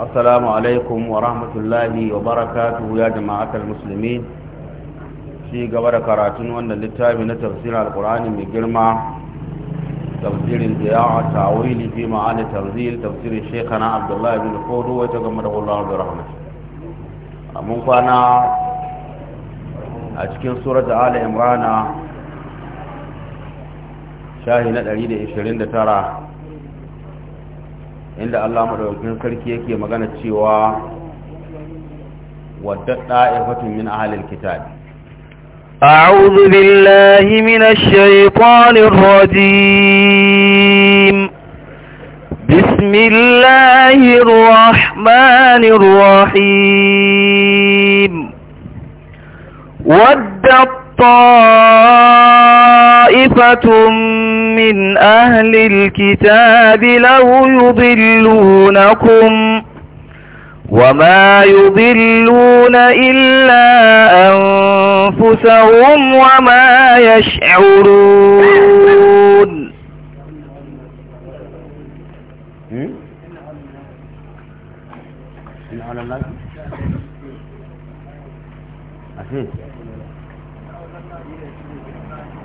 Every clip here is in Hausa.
السلام عليكم ورحمة الله وبركاته يا جماعة المسلمين في قبر كراتون وأن للتاب تفسير القرآن من جرمى تفسير الضياع التعويل في معاني تنزيل تفسير شيخنا عبد الله بن فود وتغمده الله برحمته من كان أشكين سورة آل عمران شاهي 129 inda Allah madaukakin sarki yake magana cewa wadda da'ifatun min ahlil kitab أعوذ بالله من الشيطان الرجيم بسم الله الرحمن الرحيم ودت طائفة من أهل الكتاب لو يضلونكم وما يضلون إلا أنفسهم وما يشعرون hmm?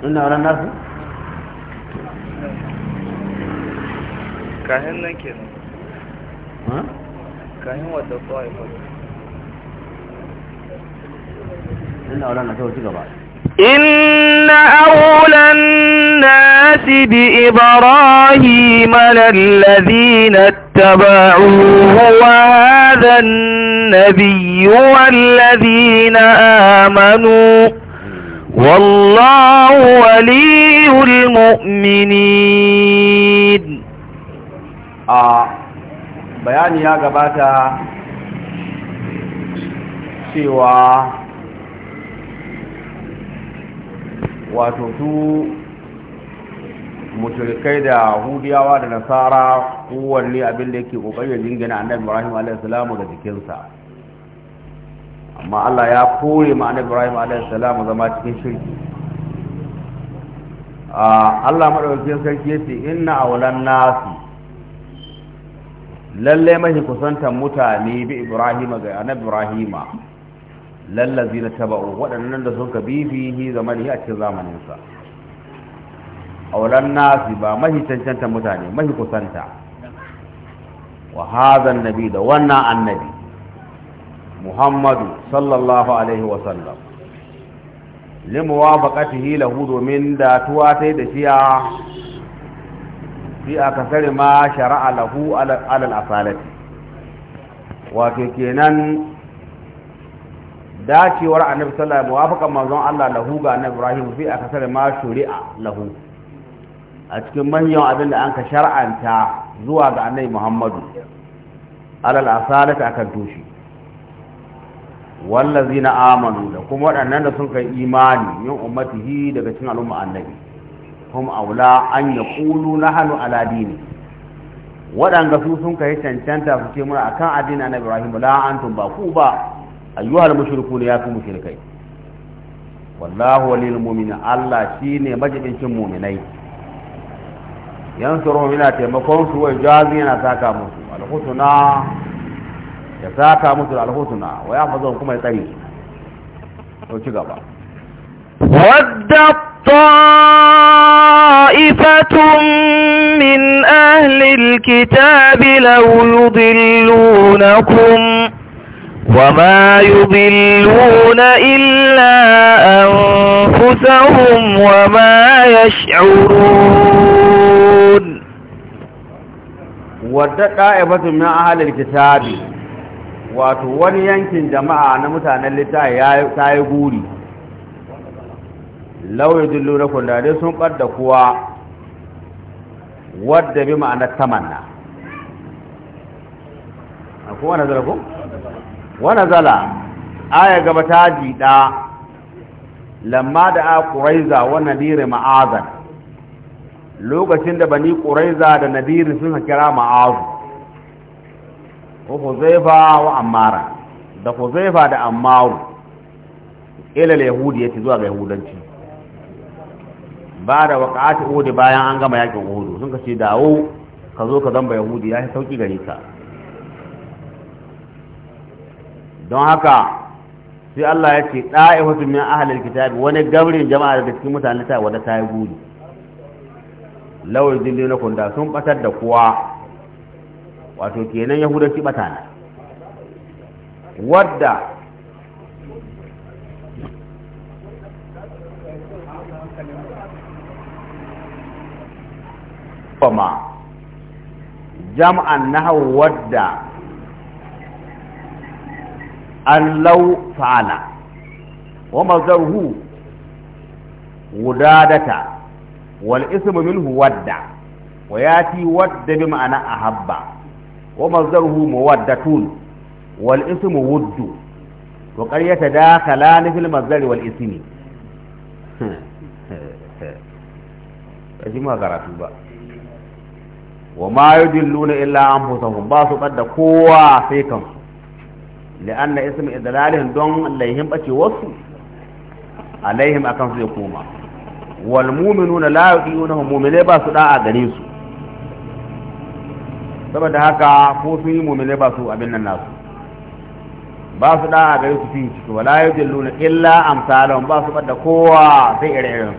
إن على الناس كاهن لكن ها إن أولى الناس بإبراهيم للذين اتبعوه وهذا النبي والذين آمنوا والله ولي المؤمنين a bayani ya gabata cewa wato su mushrikai da hudiyawa da nasara kowanne abin da yake kokarin jingina annabi Ibrahim alaihi salamu da jikinsa amma Allah ya kore ma annabi Ibrahim alaihi salam zama cikin shirki Allah madaukakin sarki yace inna awlan nasi lalle mahi kusantan mutane bi Ibrahim ga annabi Ibrahim lallazi na taba'u waɗannan da suka bibihi zamani a cikin zamaninsa aulan nasi ba mahi cancanta mutane mahi kusanta wa hazan nabi da wannan annabi muhammadu sallallahu alaihi wasallam limuwa bakatihi lahu domin da tuwa ta da shi shiya fi a kasari ma shara'a lahu alal asalati wato kenan dacewar annabi sallallahu alaihi muwafakan manzon Allah lahu ga annabi Ibrahim fi a kasari ma shuri'a lahu a cikin manyan abin da an ka shar'anta zuwa ga annabi Muhammadu alal asalati akan toshi wallazi na amanu da kuma waɗannan da sun kai imani yin ummatihi daga cikin al'umma annabi hum aula an yaqulu nahnu ala dini waɗanda su sun kai cancanta su ce muna akan addini annabi Ibrahim la antum ba ku ba ayyuhal mushrikuna ya fi mushrikai wallahu walil mu'minin Allah shine majibincin mu'minai yansuru yana taimakon su wa jazi yana saka musu alhusna ya saka musu da alhusna wa ya fazo kuma ya tsare to ci gaba wadda ta'ifatun min ahli alkitabi law yudillunakum وما يضلون إلا أنفسهم وما يشعرون ودى قائبة من أهل الكتاب wato wani yankin jama'a na mutanen littafi ta yi guri lauyi dillo na kundare sun ɓadda kuwa wadda bi ma'anar tamanna a kuma na zala ko? Wani zala aya gaba ta jiɗa lamma da a ƙuraiza wa nadiri ma'azan lokacin da bani ƙuraiza da nadiri sun kira ma'azu wa huzaifa wa ammara da huzaifa da ammaru ilal yahudi yace zuwa ga yahudanci ba da waqa'ati bayan an gama yakin udu sun kace dawo ka zo ka zamba yahudi ya sauki gare ka don haka sai Allah ya ce ɗa'ihatu min ahli alkitab wani gabrin jama'a daga cikin mutanen ta wanda ta yi gudu law yudilluna kun da sun batar da kowa wato kenan yahudanci bata ne wadda kuma jam'an na wadda an lau fa'ala wa wudadata wal ismu minhu wadda wa yati wadda bi ma'ana ahabba ومصدره مودة والاسم ود وقد يتداخلان في المصدر والاسم kaji ma karatu ba wa ma yudilluna illa anfusahum ba su bada kowa sai kansu li'anna ismi idlalihim don laihim bace alaihim akan su ya koma wal ba su su saboda haka ko sun yi mummune ba su abin nan nasu ba su da gare su fi ciki wala luna illa amsalahum ba su bada kowa sai irin iren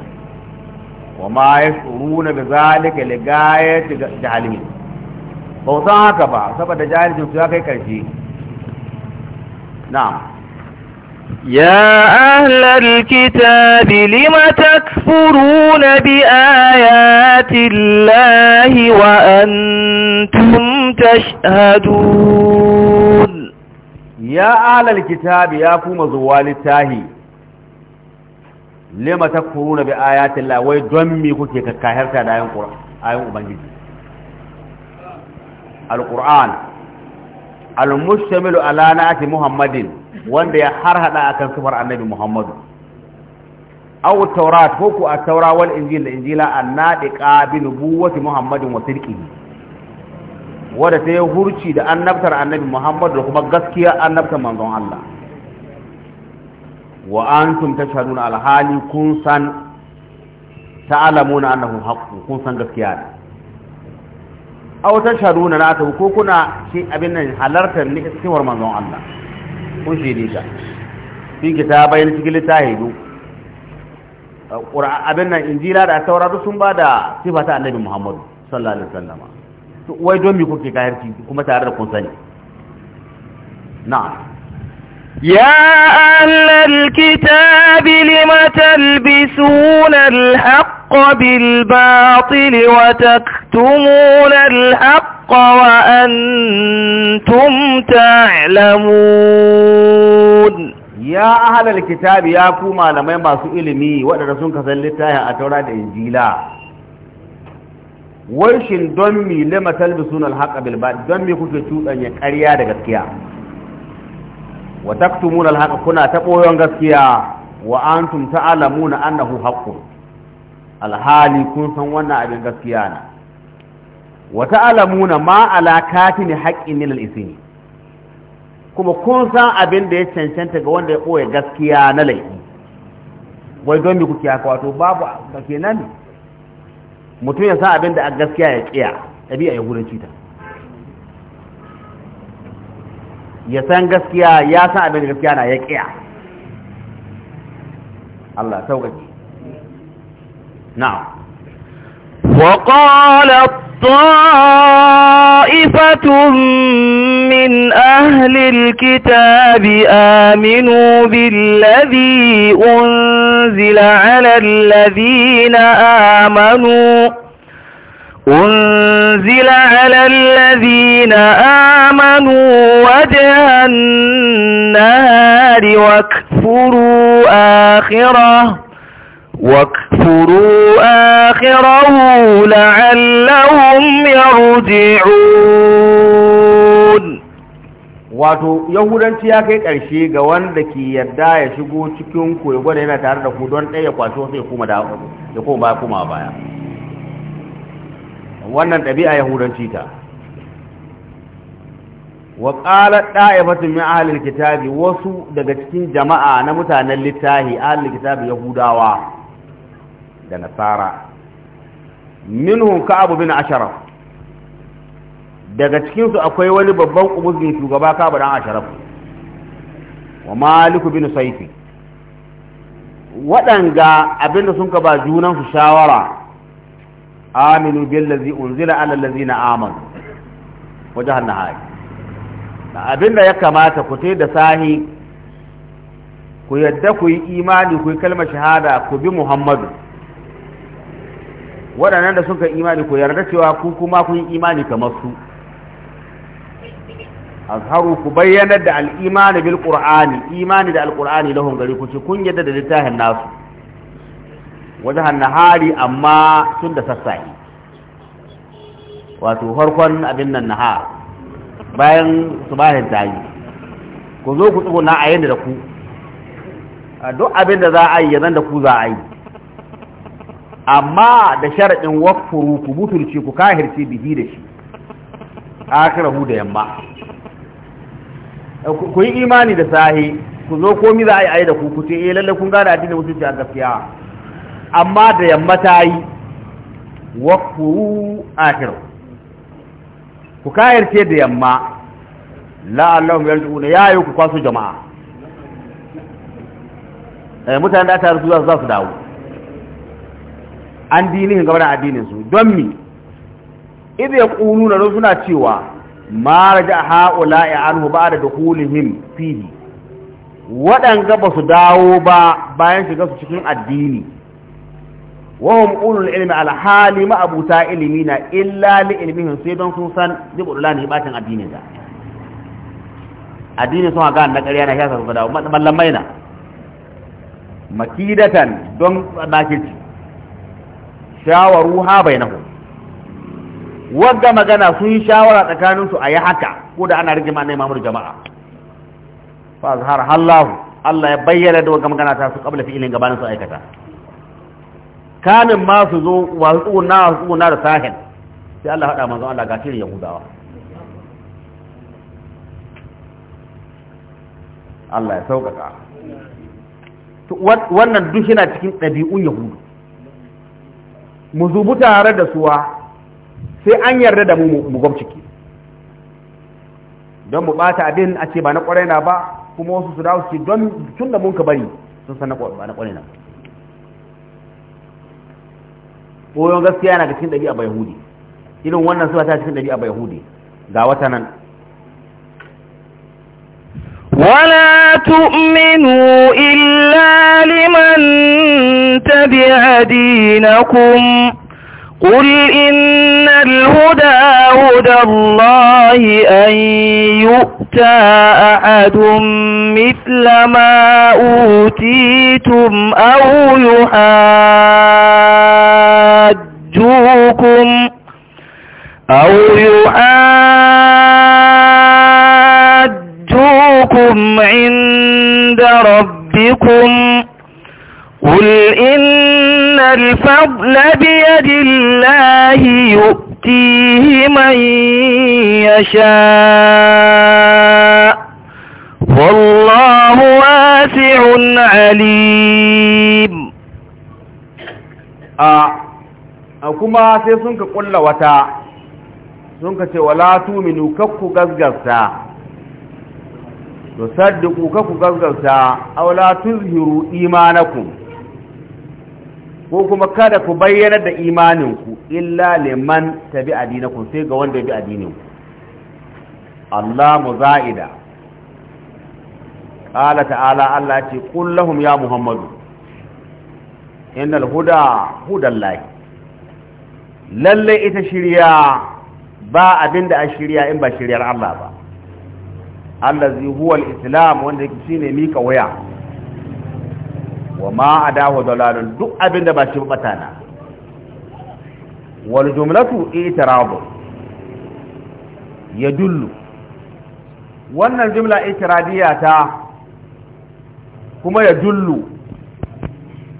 wa ma yashuruna bi zalika li gayati jahalihim ba san haka ba saboda jahilcin su ya kai karshe na'am يا أهل الكتاب لم تكفرون بآيات الله وأنتم تشهدون يا أهل الكتاب يا كوم زوال التاهي لم تكفرون بآيات الله ويدمي كتك كاهرتا دائم ينقر آيان أبنجد القرآن المشتمل على نعت محمد wanda ya har hada a kan sifar annabi Muhammadu au taurat ko ku a taura wal injil da injila annadiqa bi nubuwwati Muhammadin wa sidqihi wanda sai hurci da annabtar annabi Muhammadu da kuma gaskiya annabtar manzon Allah wa an antum tashhaduna al alhali kun san ta'lamuna annahu haqqun kun san gaskiya ne aw tashhaduna na ta ko kuna shi abin nan halartar ni istiwar manzon Allah kun shaide ta fi kitabain cikin littafi du abin nan injila da taura duk sun ba da sifa ta annabi muhammadu sallallahu alaihi wasallama wai don me kuke ki kuma tare da kun sani na'am يا أهل الكتاب لم تلبسون الحق بالباطل وتكتمون الحق الحق وأنتم تعلمون يا أهل الكتاب يا كوما لما ينبعثوا إلمي وأن رسولك سلتها أتورا الإنجيلا ويشن دمي لما تلبسون الحق بالباطل دمي كنت تشوت أن يكريا دقسكيا وتكتمون الحق كنا تقويون قسكيا وأنتم تعلمون أنه حق الحالي كنتم وانا أبن قسكيانا wa ta'lamuna ma ala katini haqqin min al-ismi kuma kun san abin da ya cancanta ga wanda ya boye gaskiya na laifi wai don me kuke haka wato babu ba kenan mutum ya san abin da a gaskiya ya kiya ɗabi'a ya gudanci cita ya san gaskiya ya san abin da gaskiya na ya kiya Allah sauƙaƙe na'am وقالت طائفة من أهل الكتاب آمنوا بالذي أنزل على الذين آمنوا أنزل على الذين آمنوا وجه النهار واكفروا آخره واكفروا آخره لعلهم يرجعون wato yahudanci ya kai ƙarshe ga wanda ke yadda ya shigo cikin ku ya gwada yana tare da ku don ɗaya ya kwaso sai kuma da ya koma baya kuma baya wannan ɗabi'a yahudanci ta wa ƙalar ɗa'ifatun min ahalil kitabi wasu daga cikin jama'a na mutanen littafi, ahalil kitabi yahudawa da nasara minhum ka'ab bin asharaf daga cikin su akwai wani babban kubuzin shugaba ka'ab bin asharaf wa malik bin saifi waɗanga abinda sun ka ba junan su shawara aminu billazi unzila ala allazina amanu wajahan da abinda ya kamata ku da sahi ku yadda ku yi imani ku yi kalmar shahada ku bi muhammadu waɗannan da suka imani ku yarda cewa ku kuma kun imani kamar su azharu ku bayyanar da al'imani bil qur'ani imani da alqur'ani lahum gari ku ce kun yadda da littafin nasu wajen nahari amma tun da sassaye wato farkon abin nan nahar bayan su subahin tayi ku zo ku tsuguna a yanda da ku duk abin da za a yi yanzu da ku za a yi amma da sharaɗin wakfuru ku butulci ku kahirce bihi da shi akirahu da yamma ku yi imani da sahi ku zo komi za a yi ayi da ku ku ce eh lalle kun gane addinin musulunci a gaskiya amma da yamma ta yi wakfuru akirahu ku kahirce da yamma la'allahum ya yi ku kwaso jama'a eh, mutane da aka rasu za su dawo an dinihin gaba da addinin su don mi kunu yaquluna don suna cewa ma raja haula'i anhu ba'da dukhulihim fihi waɗanga ba su dawo ba bayan shiga su cikin addini wahum ulul ilmi alhali ma'abuta ilimi na illa li ilmihin sai don sun san jibulula ne bacin addini da addinin sun haka na ƙarya na shasa su dawo ballan maina makidatan don bakirci bai nahu wadda magana sun yi shawara tsakaninsu a yi haka ko da ana rigima na imamul jama'a fa zahar hallahu Allah ya bayyana da wagga magana ta su kabla ilin gabanin su aikata kamin ma su zo wa su tsuguna su tsuguna da sahel sai Allah haɗa manzon Allah ga shirin yahudawa Allah ya sauƙaƙa wannan duk yana cikin ɗabi'un yahudu mu zubu tare da suwa sai an yarda da mu mu gwamciki don mu bata abin a ce ba na kwarai na ba kuma wasu su dawo su ce don tun da mun ka bari sun san ba na kwarai na ba koyon gaskiya na cikin a bai hudi irin wannan suna ta cikin a bai hudi ga wata nan ولا تؤمنوا إلا لمن تبع دينكم قل إن الهدى هدى الله أن يؤتى أحد مثل ما أوتيتم أو يحاجوكم أو يحاجوكم لكم عند ربكم قل إن الفضل بيد الله يؤتيه من يشاء والله واسع عليم آه. أكما سيسنك قل وتا سنك تولاتو منو كفو قزقزتا To tusaddiqu ka ku gaggauta aw la tuzhiru imanakum ko kuma kada ku bayyana da imaninku illa liman tabi adinakum sai ga wanda bi addininku Allah muzaida qala ta'ala Allah ce qul lahum ya muhammadu innal huda hudallahi lalle ita shirya ba abinda a shirya in ba shiryar Allah ba allazi huwa islam wanda yake shine mika waya wa ma adahu dalalun duk abinda ba shi bata na wal jumlatu i'tirabu yadullu wannan jumla i'tiradiyya ta kuma yadullu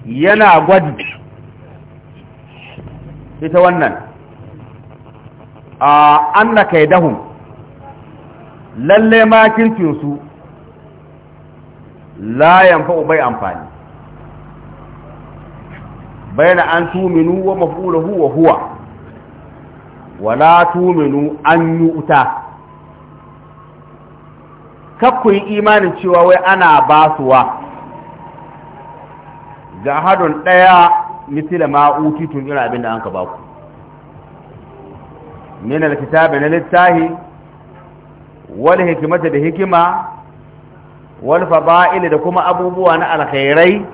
yana gwadi ita wannan a annaka yadahum lalle ma layan su la amfani, bai amfani bayna an tuminu wa maf'uluhu wa huwa wa na tuminu an yu'ta kakku yi imanin cewa wai ana basuwa ga hadon ɗaya mitila ma utitun irin abin da an ka baku min alkitabi na littahi wal hikimata da hikima wal fada'il da kuma abubuwa na alkhairai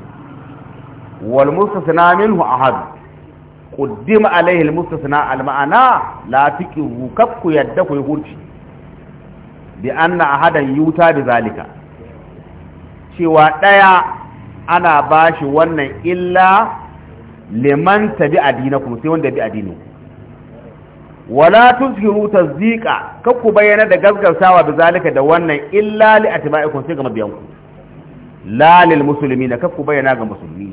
wal mustasna minhu ahad qaddima alaihi al mustasna al ma'ana la tiqu kafku yadda ku hurci bi anna ahadan yuta bi zalika cewa ɗaya ana bashi wannan illa liman tabi adinakum sai wanda bi adinu wala tuzhiru tasdiqa kakku bayyana da gaskarsawa da zalika da wannan illa li atba'ikum sai ga mabiyanku la lil muslimin kakku bayyana ga musulmi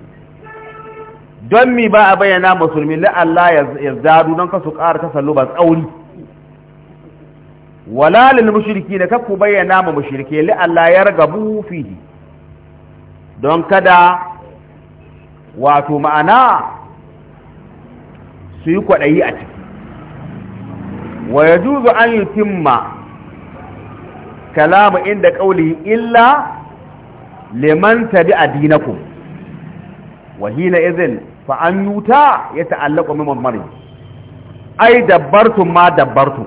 don mi ba a bayyana musulmi la Allah ya zadu don kasu ƙara tasalluba tsauri wala lil mushrikin kakku bayyana ma mushrike li Allah ya ragabu fihi don kada wato ma'ana su yi kwaɗayi a ciki Waya yajuzu an yutimma kalamu inda qawli illa liman tabi'a dinakum wa hina idhin fa an yuta yata'allaqu min mamari ai dabbartum ma dabbartum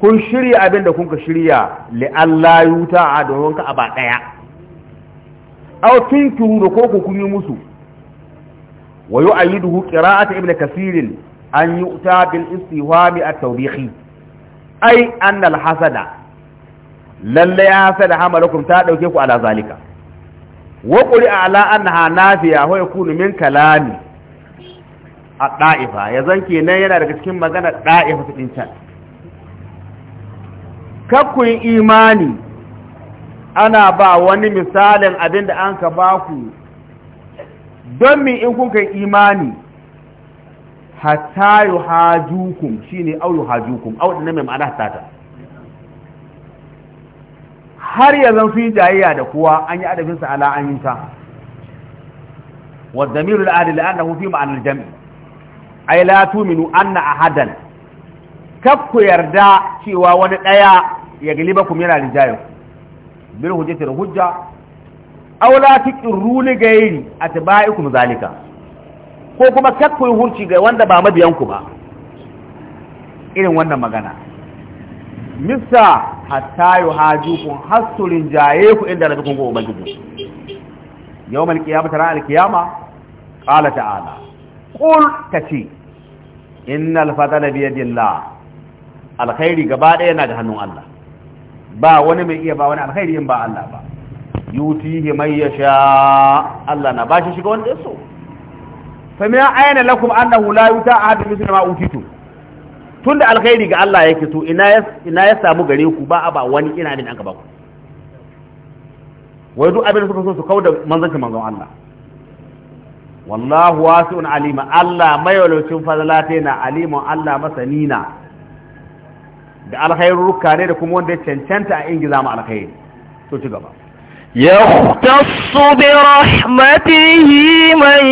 kun shirya abinda kuka shirya li Allah yuta a domin ka aba daya aw tunkiru da koko kun yi musu wa yu'ayyiduhu qira'atu ibn kasirin an yu'ta bil istihwami a tawbihi ai anna al-hasada lalle ya hasada hamalakum ta dauke ku ala zalika wa quli ala annaha nafiya wa yakunu min kalami a ɗa'ifa ya zan nan yana daga cikin magana ɗa'ifa su ɗin can kakkun imani ana ba wani misalin abin da an ka ba ku don mi in kun kai imani hatta shi ne au hajukum au da mai ma'ana hatta ta har yanzu su yi jayayya da kowa an yi adabin sa ala an yi ta wa da al-ahli la'annahu fi ma'anar al ai ay la tu'minu anna ahadan kaf yarda cewa wani daya ya galiba ku yana rijayo bil hujjati hujja aw la tuqiru li ghairi atba'ikum zalika ko kuma kakku yi hurci ga wanda ba mabiyan ku ba irin wannan magana mista hatta yi hajjukun hasturin jaye ku inda rabi kungo ubangiji yau mal kiyama tara alkiyama qala ta'ala qul Inna innal fadala bi yadillah alkhairi gaba ɗaya yana da hannun Allah ba wani mai iya ba wani alkhairi in ba Allah ba yutihi may yasha Allah na bashi shiga wanda yaso فمن أين لكم أنه لا a أحد مثل ما أوتيتم tun da alkhairi ga Allah yake to ina ya samu gare ku ba a ba wani ina da an gaba ku wai duk abin suka so su kauda manzancin manzon Allah wallahu wasi'un alima Allah mayalocin fadlate na alimun Allah masanina da alkhairuka ne da kuma wanda ya cancanta a ingiza mu alkhairi to ci gaba يختص برحمته من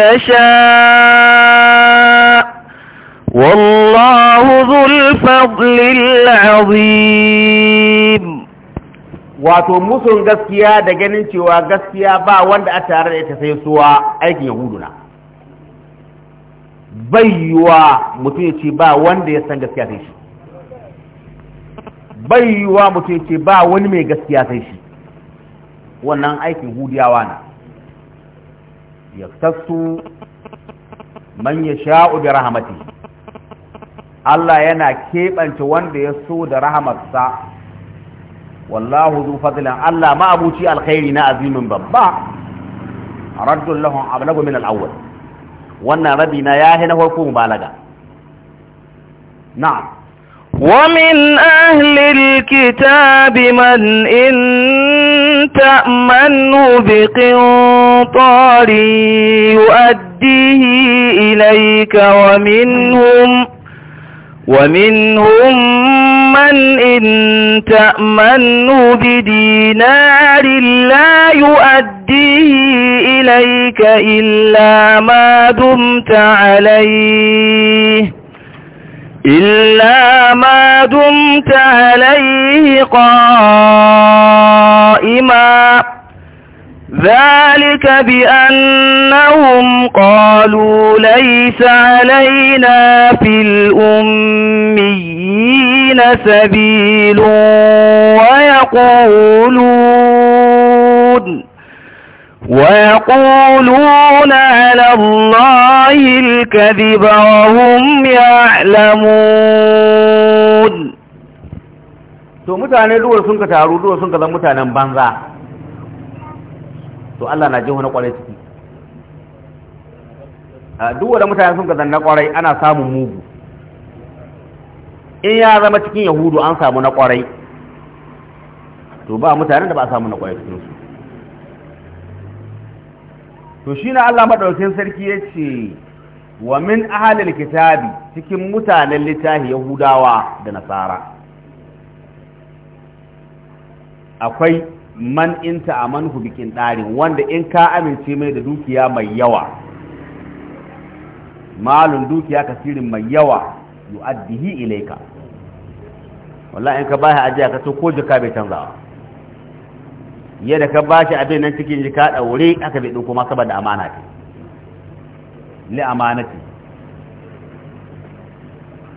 يشاء والله ذو الفضل العظيم wato musun gaskiya da ganin cewa gaskiya ba wanda a tare da ita sai suwa aikin yahuduna bayyuwa mutum ya ce ba wanda ya san gaskiya sai shi bayyuwa mutum ya ce ba wani mai gaskiya sai shi wannan aikin hudiyawa na yaktasu man yasha'u bi rahmatihi Allah yana keɓance wanda ya so da rahamarsa wallahu zu fadlan Allah ma alkhairi na azimin babba raddul lahum ablagu min al-awwal wannan rabi na yahi na farko mubalaga na'am ومن أهل الكتاب من إن تأمنه بقنطار يؤديه إليك ومنهم ومنهم من إن تأمنه بدينار لا يؤديه إليك إلا ما دمت عليه إلا ما دمت عليه قائما ذلك بأنهم قالوا ليس علينا في الأميين سبيل ويقولون ويقولون على الله الكذب وهم يعلمون to mutane duwar sun ka taru duwar sun ka zan mutanen banza to Allah na jihu na kwarai ciki duwar mutane sun ka zan na kwarai ana samun mugu in ya zama cikin yahudu an samu na kwarai to ba mutanen da ba a samu na kwarai cikinsu to shi na Allah maɗaukin sarki ya ce wa min ahalil kitabi cikin mutanen littafi yahudawa da nasara akwai man inta a manhu bikin ɗari wanda in ka amince mai da dukiya mai yawa malun dukiya kasirin mai yawa yu'addihi ilaika wallahi in ka baya ajiya ka to ko jika bai canzawa yadda ka ba shi abin nan cikin ka ɗaure aka bai ɗin kuma saboda amana ce li amana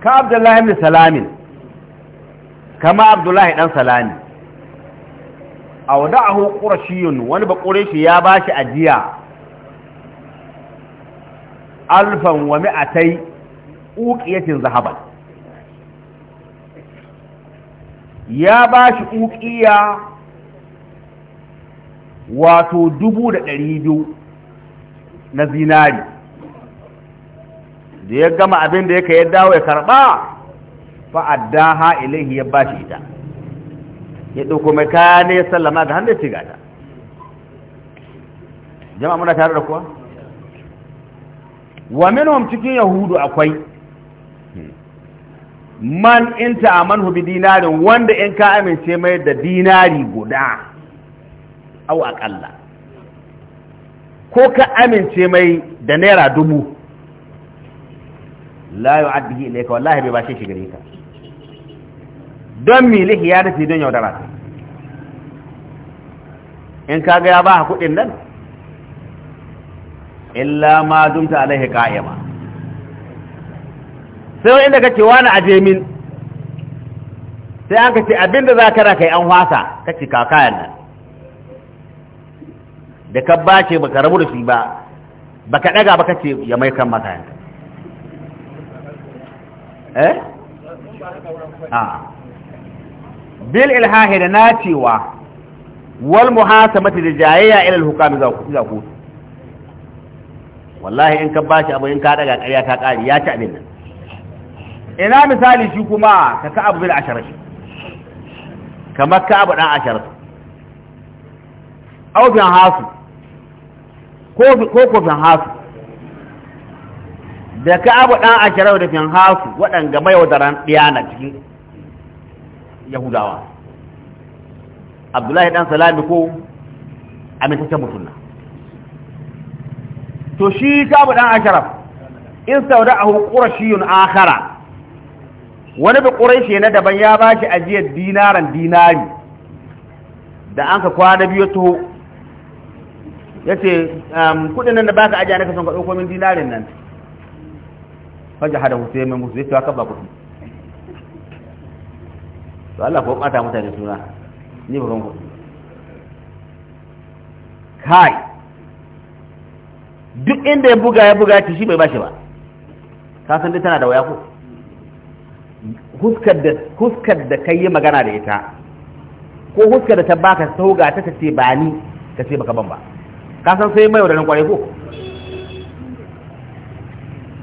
ka abdullahi ibn salamin kama abdullahi dan salami a wada'ahu qurashiyun wani bakure shi ya ba shi ajiya alfan wa mi'atai uqiyatin zahaban ya ba shi uqiya wato dubu da ɗari biyu na zinari da ya gama abin da yake ya dawo ya karɓa fa'adda ha ilaihi ya bashi ita ya ɗauko mai kaya ne ya sallama ga hannun ci gata jama'a muna tare da kuwa wa minhum cikin yahudu akwai man in ta'amanhu bi dinarin wanda in ka amince mai da dinari guda au aƙalla ko ka amince mai da naira dubu la yi addihi ilaika wallahi bai ba shi gare ka don milihi ya rufe don yaudara ta in ka gaya ya a kuɗin nan illa ma dumta alaihi ka'ima sai inda ce wani aje sai an ka ce abinda za ka raka an wasa ka ce kakayan nan da ka ba baka rabu da shi ba baka daga baka ce ya mai kan maka yanka eh a ah. bil ilhahi da nacewa wal muhasamati da jayayya ila al hukami za ku wallahi in ka shi abu in ka daga ƙarya ka ƙari ya ci abin nan ina misali shi kuma ka ka abu bil asharashi kamar ka abu dan asharashi aw bin hasu ko ko hasu da ka abu ɗan ashirar da fin hasu waɗanga mai wadaran na cikin yahudawa abdullahi ɗan salami ko amintaccen mutum to shi ka abu ɗan ashirar in sauda a hukura shi yun akara wani bi ƙurai na daban ya ba shi ajiyar dinaran dinari da an ka kwana biyu to ya ce kudin nan da baka ajiya na kasan kwaɗo komin dinarin nan wajen hada musu ya mai musu ya ce waka ba kudi su Allah ko bata mutane suna ni ba ku kai duk inda ya buga ya buga ci shi bai bashi ba ka san dai tana da waya ko da huskar da kai yi magana da ita ko huskar da ta baka sauga ta ce ba ni ka ce baka ban ba ka san sai mai wadannan kwarai ko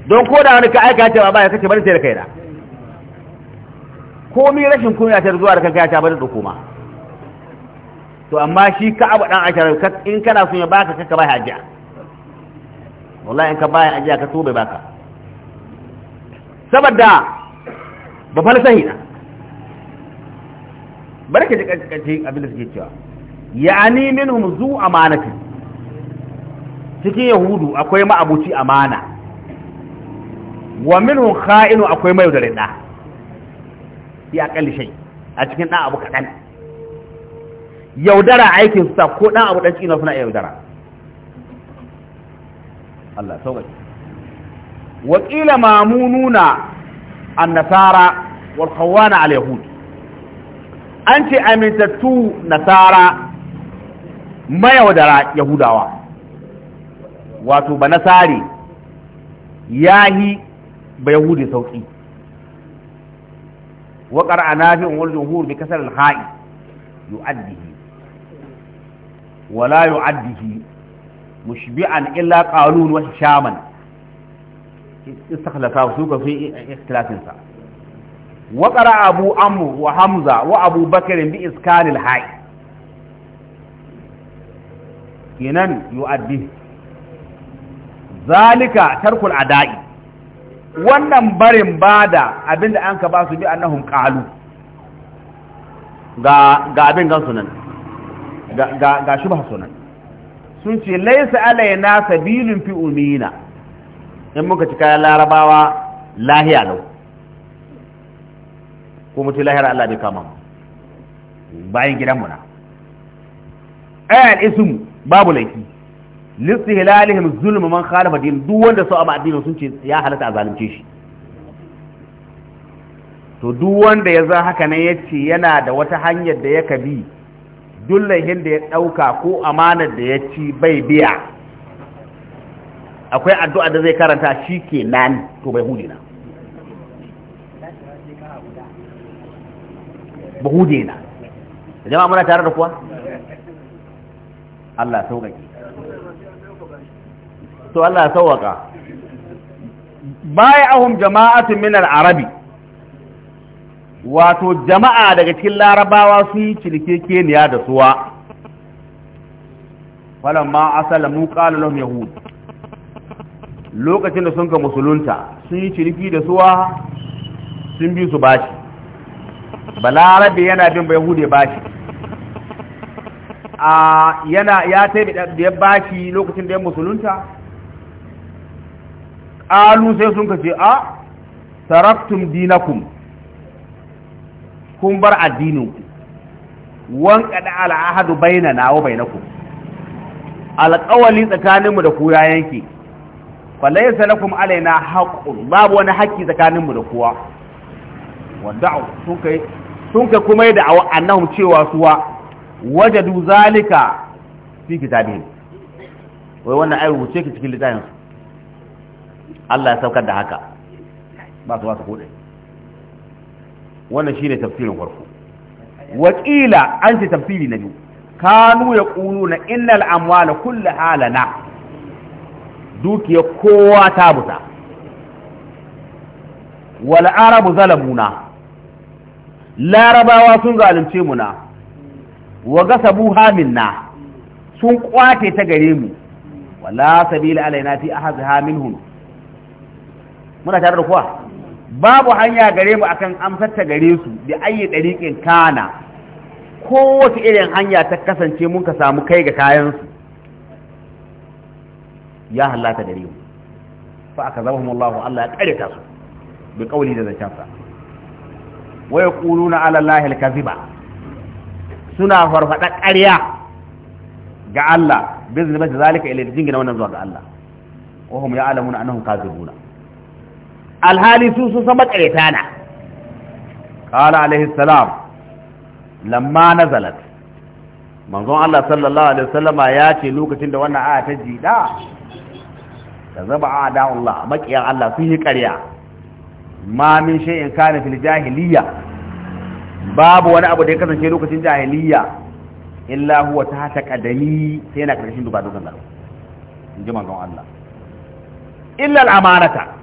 don ko da wani ka aika ce ba ya kace bari sai da kai da komai rashin kunya ta zuwa da kanka ya ta bari da kuma to amma shi ka abu dan ashara in kana son ya baka kaka bai hajiya wallahi in ka bai hajiya ka so bai baka saboda ba falsahi na barka ji abin da suke cewa ya'ani minhum zu amanatin cikin yahudu akwai ma'abuci amana wa minhum kha'inu akwai mai da rinda ya akalli shay a cikin dan abu kadan yaudara aikin sa ko dan abu dan cikin suna yaudara Allah sauƙaƙe wa qila mamununa an-nasara wal khawana al-yahud an ce amintattu nasara mayaudara yahudawa wato ba ya yi ba yahudi sauki wa qar'a nafi'un wal jumhur bi kasr al ha'i yu'addihi wa la yu'addihi mushbi'an illa qalun wa hishaman istakhlafa suka fi ikhtilafin sa wa qara abu amr wa hamza wa abu bakr bi iskan al ha'i kenan yu'addihi zalika tarkul ada'i wannan barin bada abinda an ka ba su bi annahum qalu ga ga abin gan sunan ga ga, ga ba sunan sun ce laysa alaina sabilun fi umina in muka ci kayan larabawa lahiya lau ko mutu lahiyar Allah bai kama mu bayan gidanmu na ayyar ismu babu laifi listihilalihim zulm man khalafa din duk wanda su a addinin sun ce ya halatta a zalunce shi to duk wanda ya za haka nan yace yana da wata hanyar da ya kabi duk da ya ɗauka ko amanar da ya ci bai biya akwai addu'a da zai karanta shi ke nan to bai hudina ba jama'a muna tare da kuwa Allah sauƙaƙe to Allah ya sawaka bai'ahum jama'atin min al-arabi wato jama'a daga cikin larabawa sun ya da suwa falamma asalamu qala lahum yahud lokacin da sun ka musulunta sun yi ciniki da suwa sun bi su bashi balarabe yana bin bai hude bashi a yana ya taibi da ya bashi lokacin da ya musulunta alu sai sun ka ce a taraktum dinakum kun bar addinin ku wan kada al ahadu na wa bainakum alqawli tsakaninmu da ku ya yanke falaysa lakum alaina haqqun babu wani haƙƙi tsakaninmu da kowa wada'u sun kai sun kai kuma da annahum cewa suwa wajadu zalika fi kitabin? wai wannan ai rubuce ki cikin littafin su Allah ya saukar da haka ba su ba su kodai wannan ne tafsirin farko wakila an ce tafsiri na biyu kanu ya kunu na innal amwala kullu halana dukiya kowa ta buta wal arabu zalamuna larabawa sun zalunce mu na wa gasabu haminna sun kwate ta gare mu wala sabila alaina fi ahadha minhum muna tare da kuwa babu hanya gare mu akan amsarta gare su da ayi dariƙin kana kowace irin hanya ta kasance mun ka samu kai ga kayan su ya halata gare mu fa aka zama Allah Allah ya kare ta su bi kauli da zancen sa wa yaquluna ala Allah al-kaziba suna farfada ƙarya ga Allah bizin ba zalika ila jingina wannan zuwa ga Allah wa hum ya'lamuna annahum kazibuna alhali su sun san makareta na qala alaihi salam lamma nazalat manzon Allah sallallahu alaihi wasallama ya ce lokacin da wannan aya ta jida da zaba ada Allah makiyan Allah sun yi ƙarya ma min shay'in kana fil jahiliya babu wani abu da ya kasance lokacin jahiliya illa huwa ta ta kadami sai yana karshen duba dukan garo in ji manzon Allah illa al-amanata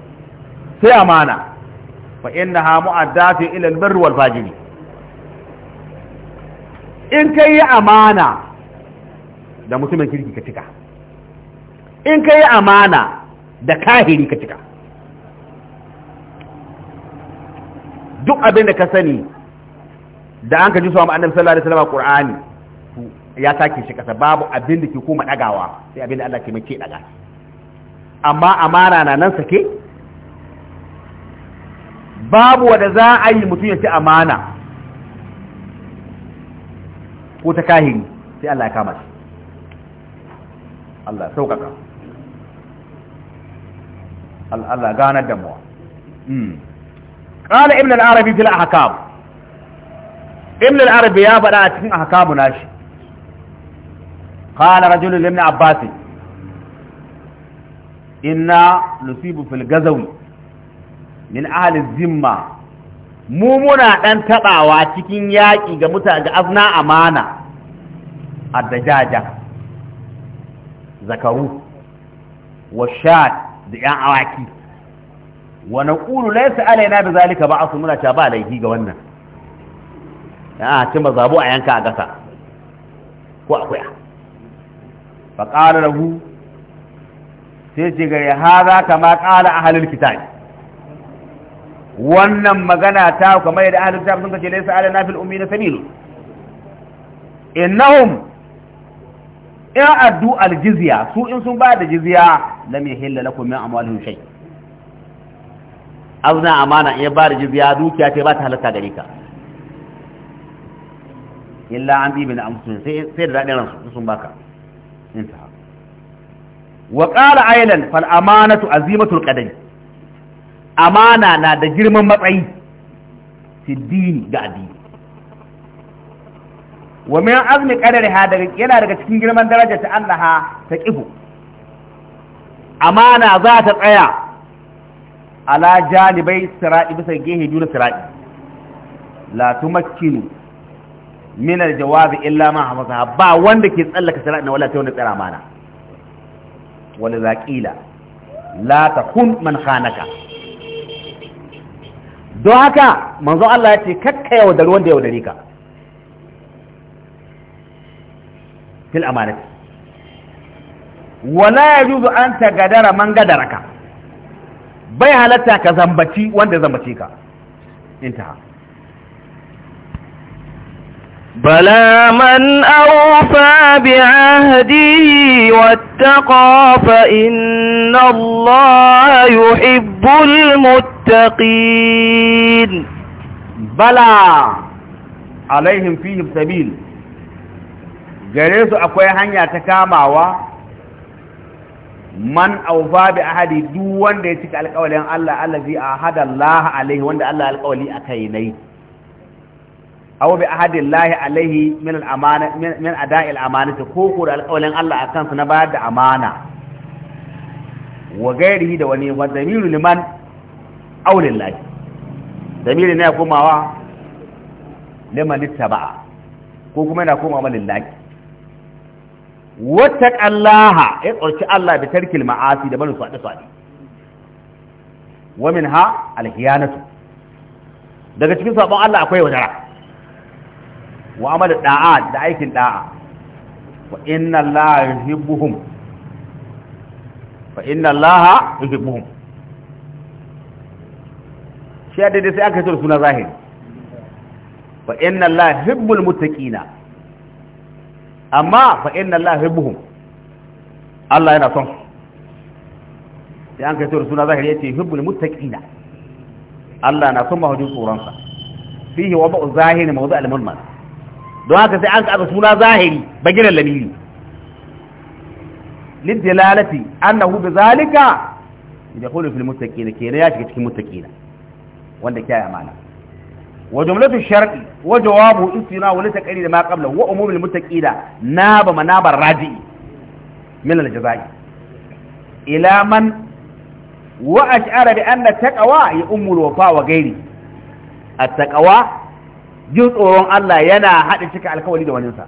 sai amana fa ha mu'addati ila albirri wal fajiri in kai yi amana da mutumin kirki ka cika in kai yi amana da kahiri ka cika duk abin da ka sani da an ka ji suwa annabi sallallahu alaihi wasallam qur'ani ya take shi kasa babu abin da ke koma dagawa sai abin da Allah ke mace ke daga amma amana na nan sake babu wanda za a yi mutum ya ci amana ko ta kahiri sai Allah ya kama shi Allah sauƙaƙa Allah ganar da muwa ƙala hmm. ibn al-arabi fil ahkam ibn al-arabi ya faɗa a cikin ahkamu nashi قال رجل لابن عباس إنا نصيب في الجزوي min ahli zimma mu muna dan tabawa cikin yaƙi ga mutane ga azna amana addajaja zakaru wa shat da yan awaki wa naqulu laysa alaina bi zalika ba asu muna ta ba laifi ga wannan a ci mazabu a yanka a gasa ko akwai fa qala lahu sai ce ya hada kama qala ahlul kitab wannan magana ta kuma yadda ahlul kitab sun kace laysa ala nafil na sabil innahum in addu al jizya su in sun ba da jizya lam yahilla lakum min amwalihim shay azna amana in ba da jizya dukiya ce ba ta halatta gare ka illa an bi bin amsun sai sai da dadin ransu sun baka intaha wa qala aylan fal amanatu azimatul qadari amana na da girman matsayi siddini ga addini wa min azmi qadariha daga yana daga cikin girman daraja ta annaha ta kifu amana za ta tsaya ala janibai sirati bisa gehe juna sirati la tumakkinu min aljawabi illa ma hafazaha ba wanda ke tsallaka sirati na wala ta wanda tsara amana wala zaqila la takun man khanaka don haka manzo Allah ya ce kakka yaudari wanda yaudari ka fil amanati wala yajuzu an tagadara man gadaraka bai halatta ka zambaci wanda zambace ka intaha بلى من أوفى بعهده واتقى فإن الله يحب المتقين للمتقين بلى عليهم فيهم سبيل gare su akwai hanya ta kamawa man aufa bi ahadi duk wanda ya cika alƙawalin Allah allazi ahada Allah alaihi wanda Allah alƙawali akai nai aw bi alaihi min al-amana min ko ko da Allah akan su na bayar da amana da wani aulin lahi damiri na komawa liman ba'a, ko kuma yana komawa malin wata kallaha ya tsorci Allah da tarkil ma'asi da barin swaɗe swaɗe wa minha alhiyanatu daga cikin sabon Allah akwai wajara wa amal da'a da aikin da'a wa inna Allah yuhibbuhum fa inna Allah yuhibbuhum shi ya daidai sai aka yi suna zahiri fa inna Allah hibbul muttaqina amma fa inna Allah hibbuhum Allah yana son sai an kai suna zahiri yace hibbul muttaqina Allah na son mahujin tsoron sa fihi wa ba'u zahiri mawdu al-mulmal don haka sai an ka suna zahiri bagiran lamiri للدلالة أنه بذلك يقول في المتقين كينا يا شيخ المتقين wanda kiyaye amana wa jumlatu shar'i wa jawabu istina wa litaqari da ma qabla wa umumul muttaqida naba manabar raji min al jazai ila man wa ash'ara bi anna taqwa ya ummul wafa wa ghairi at taqwa jin tsoron Allah yana hada cika alkawari da waninsa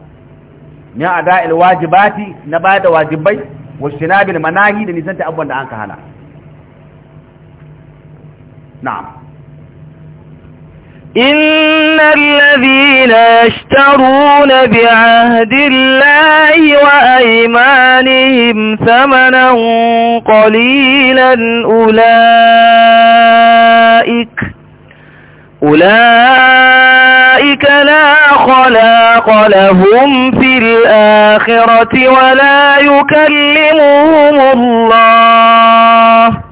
ni ada il wajibati na bada wajibai wa shinabil manahi da nisanta abubuwan da an ka hana na'am إن الذين يشترون بعهد الله وأيمانهم ثمنا قليلا أولئك أولئك لا خلاق لهم في الآخرة ولا يكلمهم الله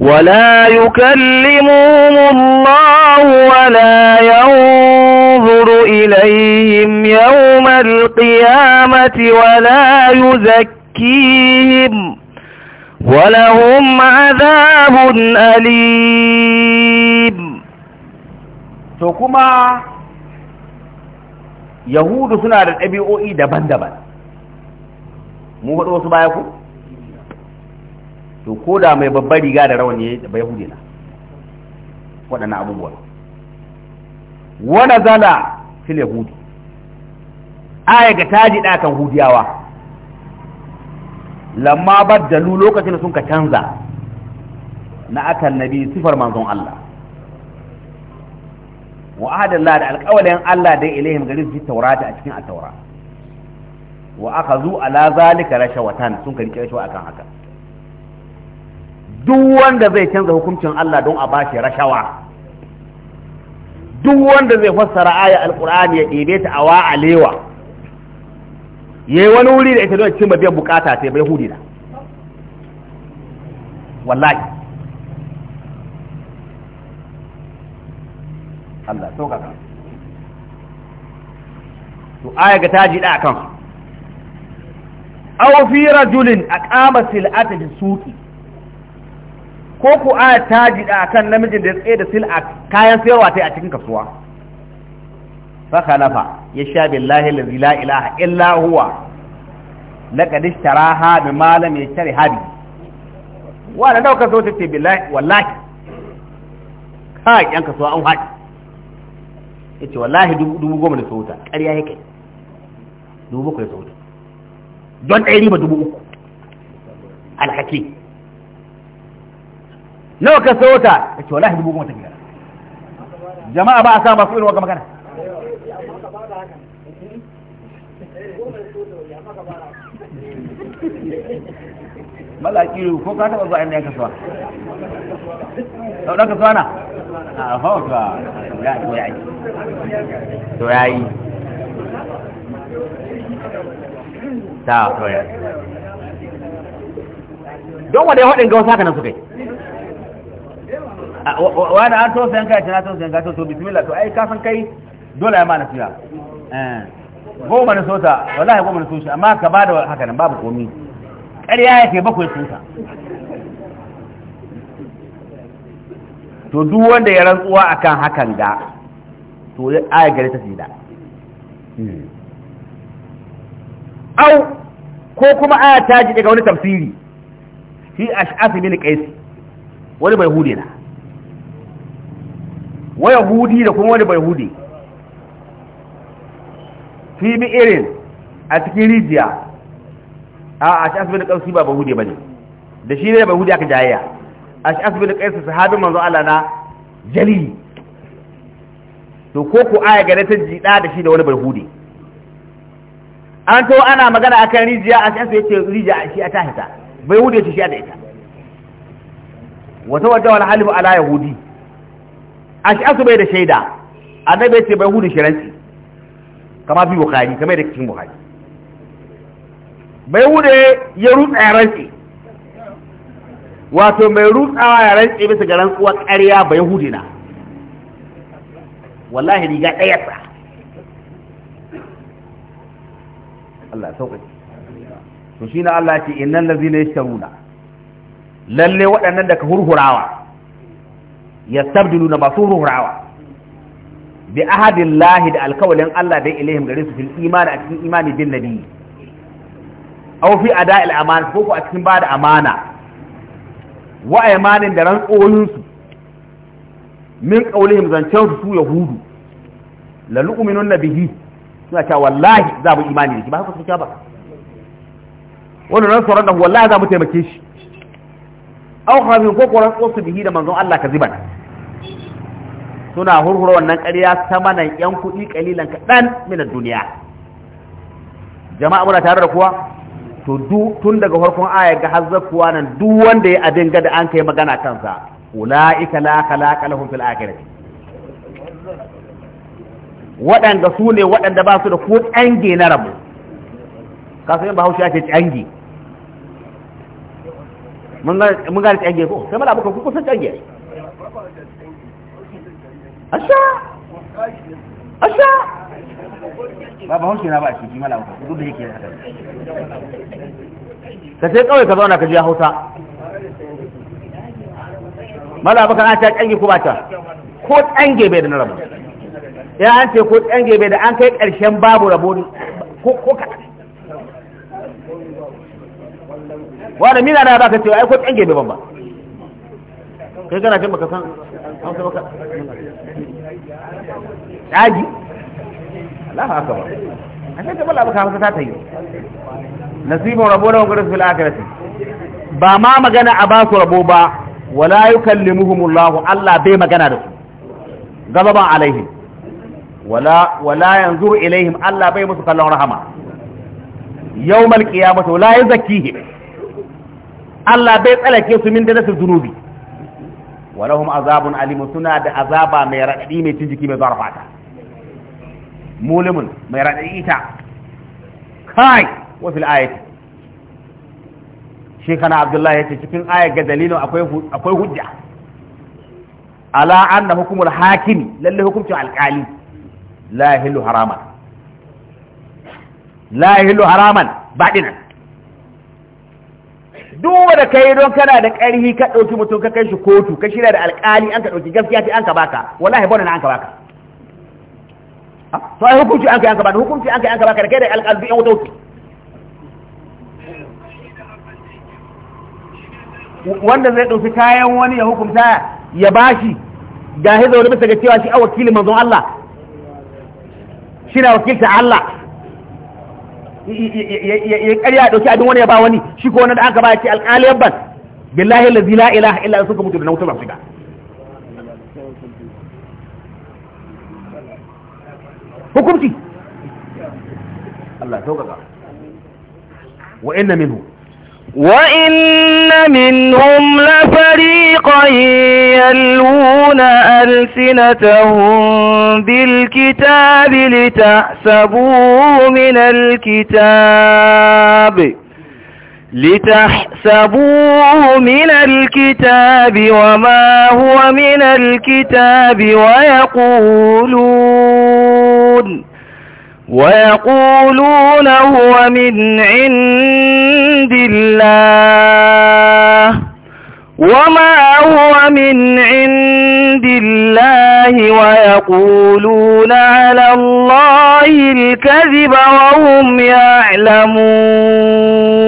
ولا يكلمهم الله ولا ينظر إليهم يوم القيامة ولا يزكيهم ولهم عذاب أليم سوكما يهود سنة الأبي أوئي دبن دبن مو هدو سبايكم to ko da mai babbar riga da rawan ya bai hude na waɗannan abubuwa wani zala fil yahudi aya ga taji ɗakan hudiyawa lamma baddalu lokacin sun ka canza na akan nabi sifar manzon Allah wa Allah da alƙawalin Allah da ilaihim gari su taurata a cikin at-taura wa akhazu ala zalika rashawatan sun ka rike rashawa akan haka duk wanda zai canza hukuncin Allah don a bashi rashawa duk wanda zai fassara aya alkur'ani ya ɗebe ta awa alewa ya yi wani wuri da ita don cimma biyan bukata sai bai hudi da, wallahi Allah so kaka to aya ga taji da kan aw fi rajulin aqama sil'ata suqi ko ku aya ta jida kan namijin da ya tsaye da sil a kayan sayarwa ta a cikin kasuwa fa khalafa ya sha billahi allazi la ilaha illa huwa laqad ha bi ma ya yashtari hadi wa na dauka so ta billahi wallahi ka yan kasuwa an haɗi ce wallahi dubu goma da sauta ƙarya kai, dubu bakwai sauta don ɗaya riba dubu uku alhaki nawa ka sayo ta ya ce wallahi dubu goma ta gida jama'a ba a sa masu irin waka magana malakiru ko ka taba zuwa inda ya kasuwa ɗauɗa kasuwa na a hauka ya to ya yi to ya yi ta to ya don wanda ya haɗin gawa saka nan su kai wani an to sayan kai na to sayan kai to bismillah to ai kafin kai dole ya mana siya eh, goma na sota wallahi goma na soshi amma ka bada haka nan babu komi ƙarya ke bakwai sota to duk wanda ya rantsuwa akan hakan ga to ya aya gare ta sida hmm. au ko kuma aya ta ji daga wani tafsiri shi ash'afi bin qais wani bai hude na Waya hudi da kuma wani bai yahudi fi bi irin a cikin rijiya a a shi asibin ƙarfi ba ba ne da shi ne hudi aka jayayya a shi asibin kausi sahabin manzo Allah na jali to ko ku aya gare ta jiɗa da shi da wani hudi an to ana magana akan rijiya a shi asibin yace rijiya shi a tahita ya ce shi a da ita wata wajen halifu ala yahudi a shi asu bai da shaida annabi ya ce bai hudu shiranci kama fi bukari kama da cikin bukari bai hude ya rutsa ya rantsi wato mai rutsawa ya rantsi bisa ga rantsuwa ƙarya bai hudu na wallahi riga ɗaya sa Allah sauƙi to shi na Allah ce innan lazina yashtaruna lalle waɗannan da ka hurhurawa yastabdiluna masu ruhrawa bi ahadillahi da alkawalin Allah da ilaihim gare su fil imani a cikin imani bin nabi aw fi ada al amana ko ku a cikin bada amana wa aymanin da rantsoyin su min qaulihim zancen su su yahudu la lu'minun bihi suna cewa wallahi za mu imani da shi ba haka suka ba wannan ran sauran da wallahi za mu taimake shi aw khabin ko ko rantso su bihi da manzon Allah ka ziban suna hurhura wannan ƙarya samanan yan kuɗi kalilan kaɗan minan duniya jama'a muna tare da kuwa to tun daga farkon aya ga hazzakuwa nan duk wanda ya abin ga da an kai magana kansa ula'ika la khalaqa lahum fil akhirati waɗanda su ne waɗanda ba su da ko tsange na rabu kasu yin bahaushe ake tsange mun ga tsange ko sai mana abokan ku san tsange asha asha ba ba haushi na ba shi mala ba duk da yake haka ka sai kawai ka zauna ka ji hausa mala ba kana ta kange ko bata ko tsange bai da na rabo ya an ce ko tsange bai da an kai karshen babu rabo ko ko ka wanda mina na baka cewa ai ko tsange bai ban ba kai kana jin baka san an sai baka daji Allahu akbar ashe da bala baka ta ta yi Nasibin rabo na gurin fil akhirati ba ma magana a ba su rabo ba wala yukallimuhumullahu Allah bai magana da su gazaban alaihim wala wala yanzuru ilaihim Allah bai musu kallon rahama Yau ya yawmal qiyamati la yuzakkihim Allah bai tsalake su min da nasu zunubi walahum azabun alim suna da azaba mai raɗaɗi mai cin jiki mai zarfata mulimun mai raɗaɗi ita kai wa fil ayati shi kana abdullahi ce cikin ayar ga dalilin akwai akwai hujja ala da hukumar hakimi lalle hukuncin alkali la yahillu haraman la yahillu haraman badinan duk wanda kai don kana da ƙarfi ka ɗauki mutum ka kai shi kotu ka shirya da alkali an ka ɗauki gaskiya sai an ka baka wallahi bonan an ka baka to ai hukunci an kai an ka bani hukunci an kai an ka baka da kai da alƙalbi yan wuta wuta wanda zai ɗauki kayan wani ya hukunta ya bashi ga hizo wani bisa ga cewa shi a wakilin manzon Allah shi na wakilta Allah ya karya ɗauki abin wani ya ba wani shi ko wani da aka ba ya ce alƙaliyar ban billahi lazi la ilaha illa suka mutu da na wuta ba shiga hukunci Allah sauƙaƙa wa inna minhu وإن منهم لفريقا يلون ألسنتهم بالكتاب لتحسبوه من الكتاب لتحسبوه يحسبوه من الكتاب وما هو من الكتاب ويقولون ويقولون هو من عند الله وما هو من عند الله ويقولون على الله الكذب وهم يعلمون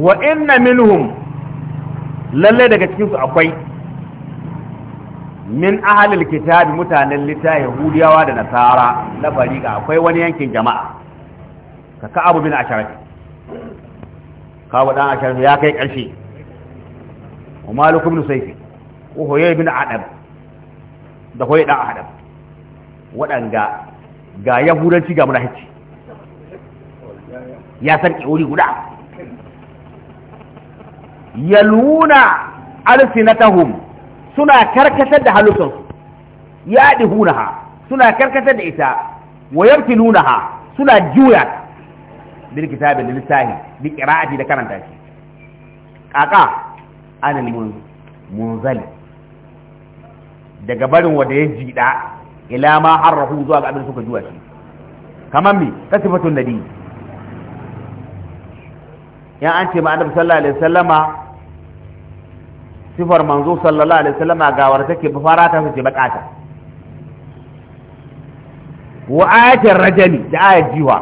wa inna minhum lalle daga cikinsu akwai min ahalil kitabi mutanen lita yahudiyawa da nasara na fariƙa akwai wani yankin jama'a ka abu bin asharati abu dan asharati ya kai ƙarshe wa malikum nusayfi saifi ko hoye bin adab da hoye dan adab wadanga ga yahudanci ga munahici ya san wuri guda yaluna alsinatahum suna karkatar da ya dihunaha suna karkatar da ita wa yabtilunaha suna juya bil kitabi lil sahi bi qira'ati da karanta shi kaka anil zali. daga barin wanda ya jida ila ma harahu zuwa ga abin suka juya shi kaman mi kasifatun nabi ya an ce ma annabi sallallahu alaihi wasallama sifar manzo sallallahu alaihi wasallama ga war take ba fara ta ce bakata wa ayatul rajali da ayat jiwa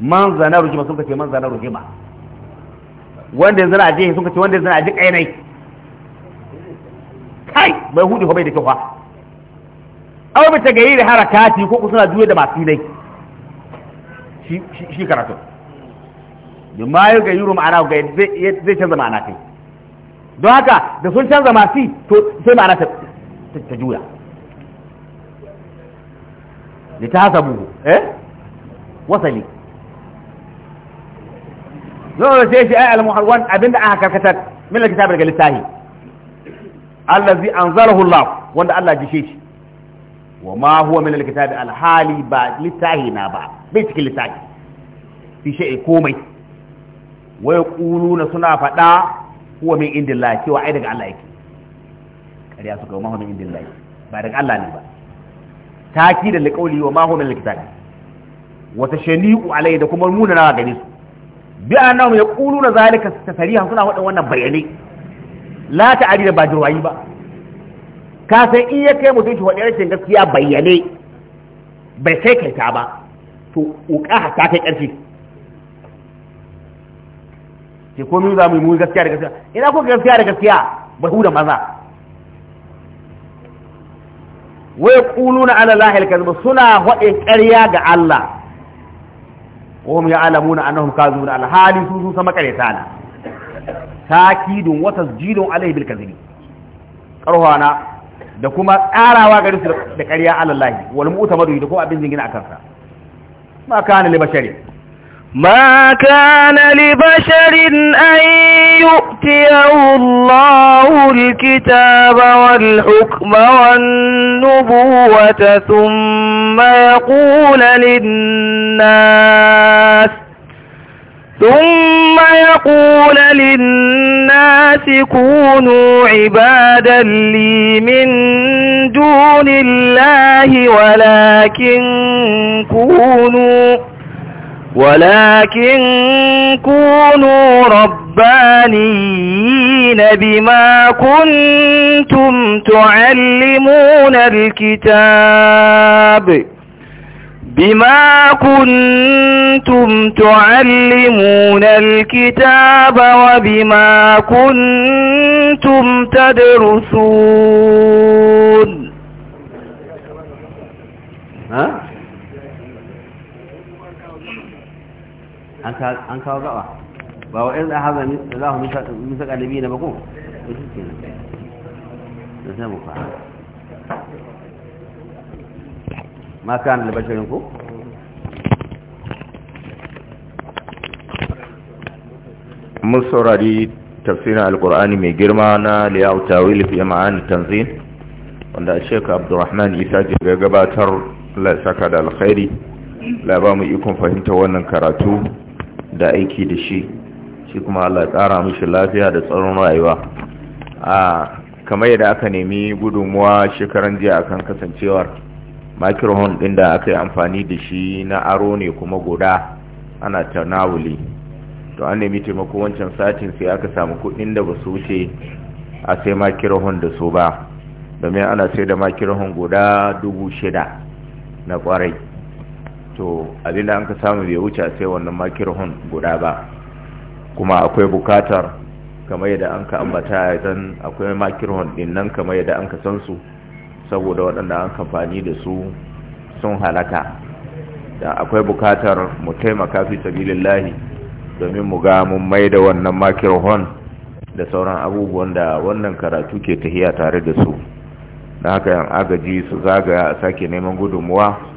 man zana rujima sun kace man zana rujima wanda yanzu na je sun kace wanda yanzu na ji kai nai kai bai hudu ko bai da kyau fa aw bi tagayyir harakati ko suna juye da masu nai shi shi karatu bima ya ga yuru ma'ana ga zai canza ma'ana kai don haka da sun canza masu to sai ma'ana ta juya da ta hasa buhu eh wasali zuwa da sai shi ai al-muharwan abinda aka karkatar min al-kitab daga littahi allazi anzalahu Allah wanda Allah jishe shi wa ma huwa min al-kitab al-hali ba littahi na ba bai cikin littahi fi shay'i komai Waya wa na suna faɗa huwa min indillah cewa ai daga Allah yake ƙarya suka wa min indillah ba daga Allah ne ba taki da liqauli wa ma huwa min alkitab wa tashni'u alai da kuma muna na gare su bi annahum na zalika tasrihan suna faɗin wannan bayani la ta'adi da ba jirwayi ba ka san in ya kai mutum shi faɗi rashin gaskiya bayanai? bai sai kai ta ba to uka ta kai ƙarfi ke komi za mu yi mu gaskiya da gaskiya ina ko gaskiya da gaskiya ba hu da maza wa yaquluna ala allahi alkazib suna hade ƙarya ga Allah wa hum ya'lamuna annahum kazibun ala hali su sun sama ƙareta na takidun wa tasjidun alaihi bil kazibi karwana da kuma tsarawa gari su da ƙarya ala allahi wal mu'tamadu da kuma abin jingina akan sa ma kana li bashari ما كان لبشر أن يؤتيه الله الكتاب والحكم والنبوة ثم يقول للناس ثم يقول للناس كونوا عبادا لي من دون الله ولكن كونوا ولكن كونوا ربانين بما كنتم تعلمون الكتاب بما كنتم تعلمون الكتاب وبما كنتم تدرسون ها؟ an kawo gaba ba wa irin haza za mu misa ƙalibi na bako ko shi ke da sai mu fara ma kan albashirin ko mun saurari tafsirin alkur'ani mai girma na liyau tawil fi ma'ani tanzin wanda sheik abdurrahman isa ga gabatar la saka da alkhairi la ba mu ikon fahimta wannan karatu da aiki da shi shi kuma Allah ya ƙara mishi lafiya da tsaron rayuwa a kamar yadda aka nemi gudunmuwa shekaran jiya akan kasancewar microphone ɗin da aka yi amfani da shi na aro ne kuma goda ana tanawuli to an nemi taimako wancan satin sai aka samu kuɗin da basu su wuce a sai microphone da su ba domin ana sai da microphone guda dubu shida na kwarai to abinda an ka samu bai wuce sai wannan makirhun guda ba kuma akwai bukatar kamar yadda an ka ambata idan akwai makirhun din nan kamar yadda an ka san su saboda waɗanda an kamfani da su sun halaka da akwai bukatar mu taimaka fi sabilillahi domin mu ga mun mai da wannan makirhon da sauran abubuwan da wannan karatu ke tahiya tare da su da haka yan agaji su zagaya a sake neman gudunmuwa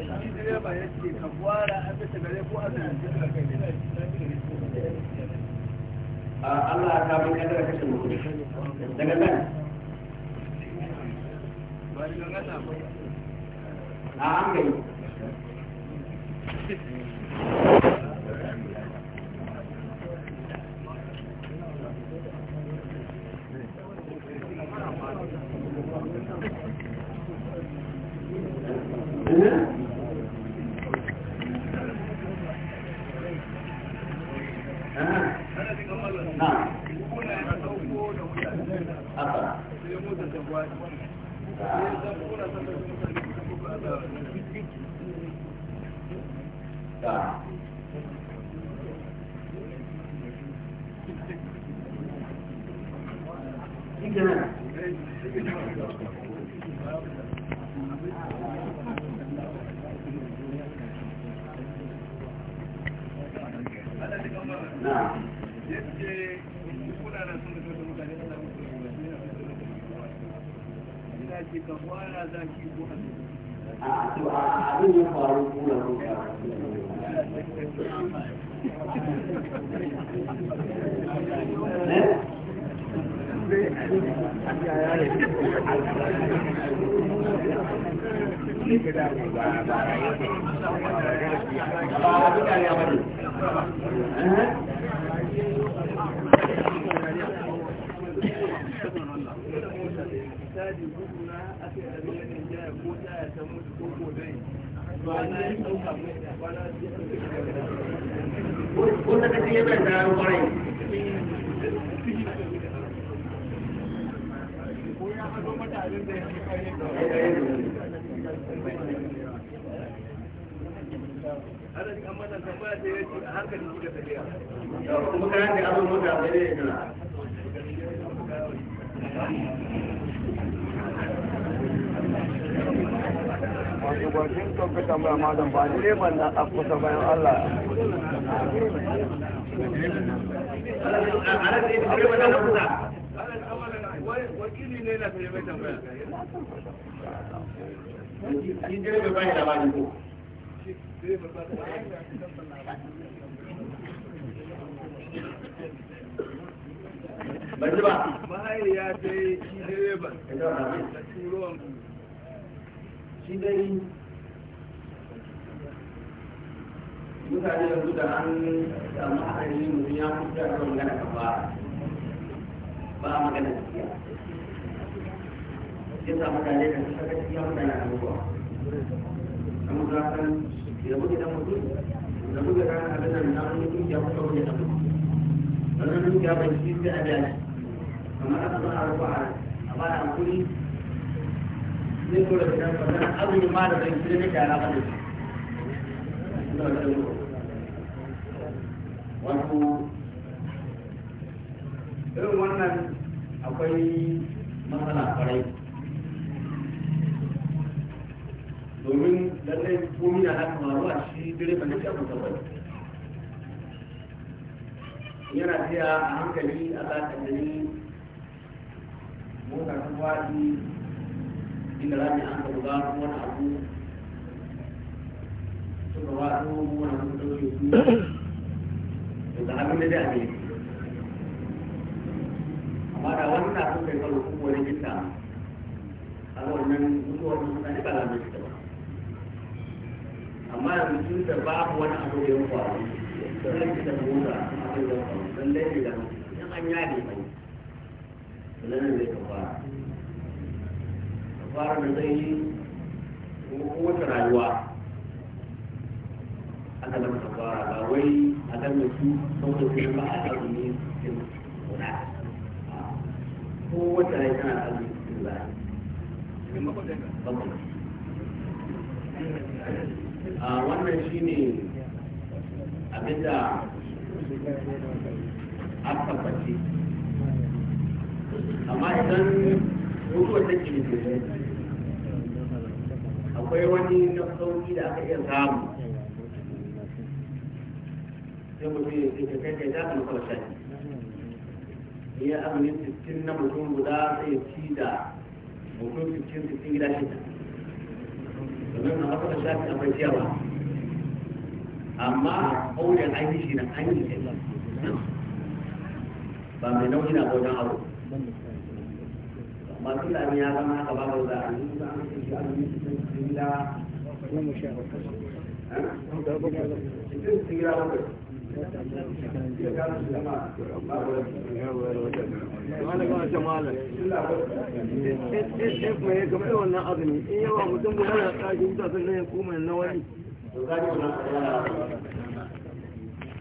Allah ta bin kadar kashe mutum daga nan Na an gani a to a da ya a daji gudu na aka da mai yakan ko jaya ba na yi ɗauka mai da yi ko ta ya bai da ko ya hazo da ya kare ana cikin a hankali da tafiya kuma kayan da abin ya wato gwashin kanka tambaya malam ba direban na a kusa bayan ba. Mahaiya shi dai mutane yanzu da an samu mutum ya fi da magana kan ba ba magana ya sa mutane da su saka mutane a ruwa da dan mutum da abin da na mutum ya fi wannan mutum ya bai shi sai a a a hankuli zai kula da zai wato irin wannan akwai matsala kwarai domin lallai komi da haka maruwa shi direba na shafi kawai yana tafiya a hankali a tsakanin motar kwaji inda za mu an karu gano wani abu suka wani abu ɗauke su daga abin da zai a ne amma da wani na karo kuma wani gita a wannan mutuwar ba za ba amma yanzu da babu wani abu da ya faru da zai da mota a don laifin da an yare mai sanannan zai ka fara fara da zai yi wata rayuwa ana da fara ba wai a kan da su sau da su ba a kan ne cikin guda ko wata ne tana kan cikin ba a wannan shi shine abinda a tabbace amma idan rukuwar take ne akwai wani na sauki da aka iya samu sai mutum ya ce kai kai ta kan kwalta iya azumin sittin na mutum guda sai ci da mutum sittin sittin gida shida domin na haka shafi a bai ciyarwa amma auren ainihi na ainihi ba mai nauyi na bautan aure masu lami ya zama haka ba da a yi yi cikin tsira wannan azumi in yawa mutum gudanar da ya kuma na wani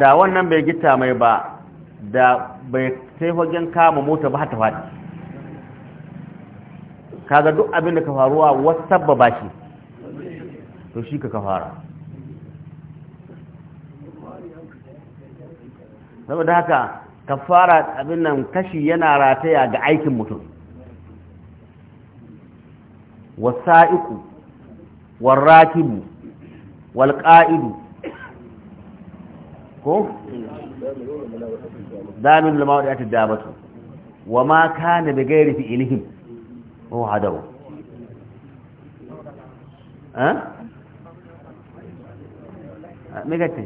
da wannan bai gita mai ba da bai sai wajen kama mota ba ta faɗi kaga duk abin da ka faruwa wata ba shi to shi ka kafara saboda haka kafara abin nan kashi yana rataya ga aikin mutum wasa'iku warrakibu walƙa'idu ko damin lama da ta damatu wa ma kana bi ghairi fi'lihim ko hadaru eh, eh me gatte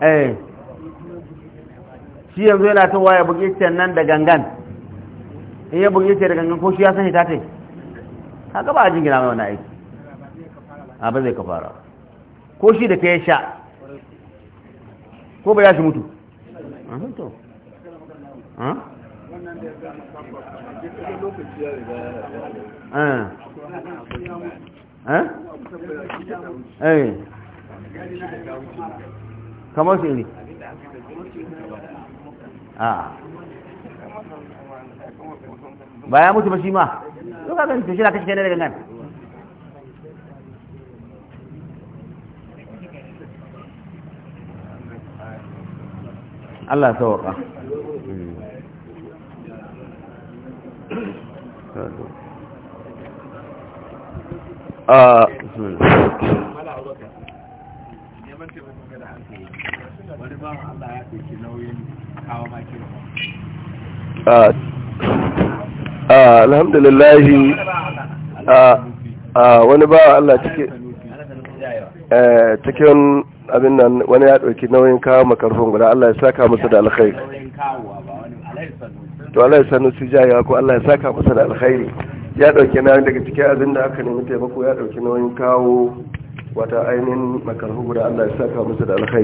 eh shi yanzu yana ta waya bugi nan da gangan in ya bugi ce da gangan ko shi ya san hita tai haka ba a jingina mai wani aiki a ba zai kafara ko shi da ka yi sha ko ba ya shi mutu eh. kamar su iri a ba ya mutu ba shi ma to kashi daga nan Allah Ah, alhamdulillah ah, ah, wani ba Allah eh, cikin abin nan wani ya ɗauki nauyin kawo makarfin guda Allah ya saka musu da alkhairi to Allah ya sanu su jayewa ko Allah ya saka musu da alkhairi ya ɗauki nauyin daga cikin abin da aka nemi taimako ya ɗauki nauyin kawo wata ainihin makarfin guda Allah ya saka musu da alkhairi